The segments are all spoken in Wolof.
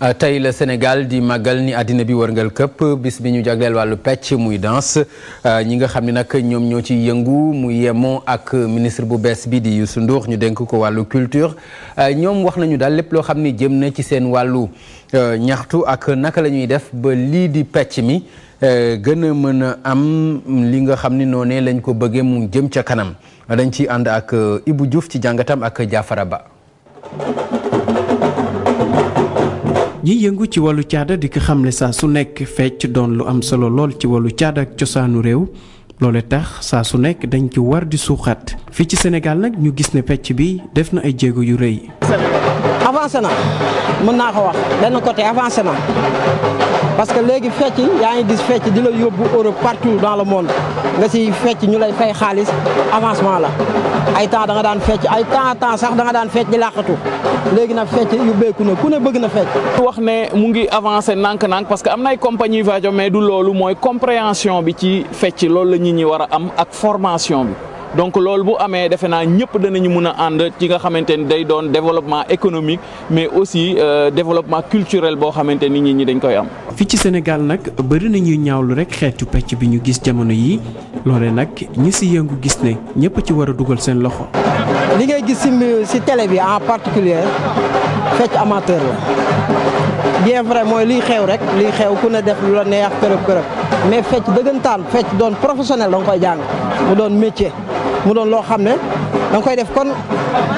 Euh, tey la Sénégal di màggal ni àddina bi wërngal këpp bis bi ñu jagleel wàllu pecc muy danse euh, ñi nga xam ne nag ñoom ñoo ci yëngu mu yemoo ak ministre bu bees bi di Youssou Ndour ñu dénk ko wàllu culture euh, ñoom wax nañu daal lépp loo xam ne jëm na ci seen wàllu ñaxtu ak naka lañuy def ba lii di pecc mi gën a mën a am li nga xam ni noonee lañ ko bëggee mu jëm ca kanam dañ ci ànd ak Ibou Diouf ci jàngatam ak Jaafara Ba ñiy yëngu ci wàllu caada di ko xamle saa su nekk fecc doon lu am solo lool ci wàllu caada ak cosaanu réew loole tax saa su nekk dañ ci war di suuxat fii ci senegal nag ñu gis ne fecc bi def na ay jéego yu rëy. avancé na mën naa ko wax benn côté avancé na parce que léegi fecc yaa ngi gis fecc di la yóbbu Europe partout dans le monde nga si fecc ñu lay fay xaalis avancement la ay temps da nga daan fecc ay temps temps sax danga daan fecc di làqatu léegi nag fecc yu na ku ne bëgg na fecc wax ne mu ngi avance nànk-nànk parce que am nay compagnie vajo mais du loolu mooy compréhension bi ci fecc loolu la nit ñi war a am ak formation bi donc loolu bu amee defe naa ñëpp danañu mun a ànd ci nga xamante ni day doon développement économique mais aussi euh, développement culturel boo xamante ni nit ñi dañ koy am. fii ci Sénégal nag bëri na ñuy ñaawlu rek xeetu pecc bi ñu gis jamono yi loole nag ñi si yëngu gis ne ñëpp ci war a dugal seen loxo. li ngay gis si si télé bi en particulier fecc amateur la bien vrai mooy liy xew rek liy xew ku ne def lu la neex kërëb kërëb mais fecc dëggantaan fecc doon professionnel da nga jàng mu doon métier. mu doon loo xam ne danga koy def kon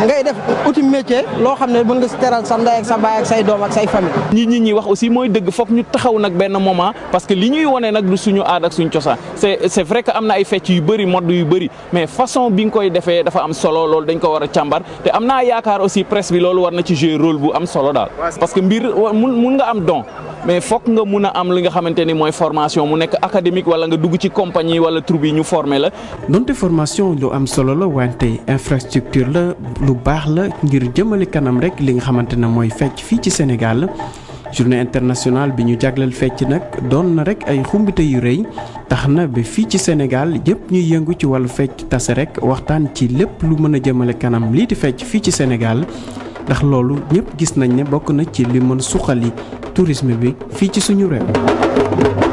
ngay def outil métier loo xam ne mën nga si teral sa ndey ak sa baay ak say doom ak say famille. ñi ñi ñi wax aussi mooy dëgg foog ñu taxaw nag benn moment parce que li ñuy wane nag du suñu aad ak cosaan c'est c'est vrai que am na ay fecc yu bëri mode yu bëri mais façon bi nga koy defee dafa am solo loolu dañ ko war a càmbar te am naa yaakaar aussi presse bi loolu war na ci jouer rôle bu am solo daal parce que mbir mun nga am don mais foog nga mun a am li nga xamante ni mooy formation mu nekk académique wala nga dugg ci compagnie wala troupe yi ñu formé la. donte formation lu am solo la wante infrastructure la lu baax la ngir jëmale kanam rek li nga xamante ne mooy fecc fii ci Sénégal. journée internationale bi ñu jagleel fecc nag doon na rek ay xumbite yu rëy tax na bi fii ci Sénégal yëpp ñuy yëngu ci wàllu fecc tase rek waxtaan ci lépp lu mën a jëmale kanam lii di fecc fii ci Sénégal ndax loolu ñëpp gis nañ ne bokk na ci li mën suqali tourisme bi fii ci suñu réew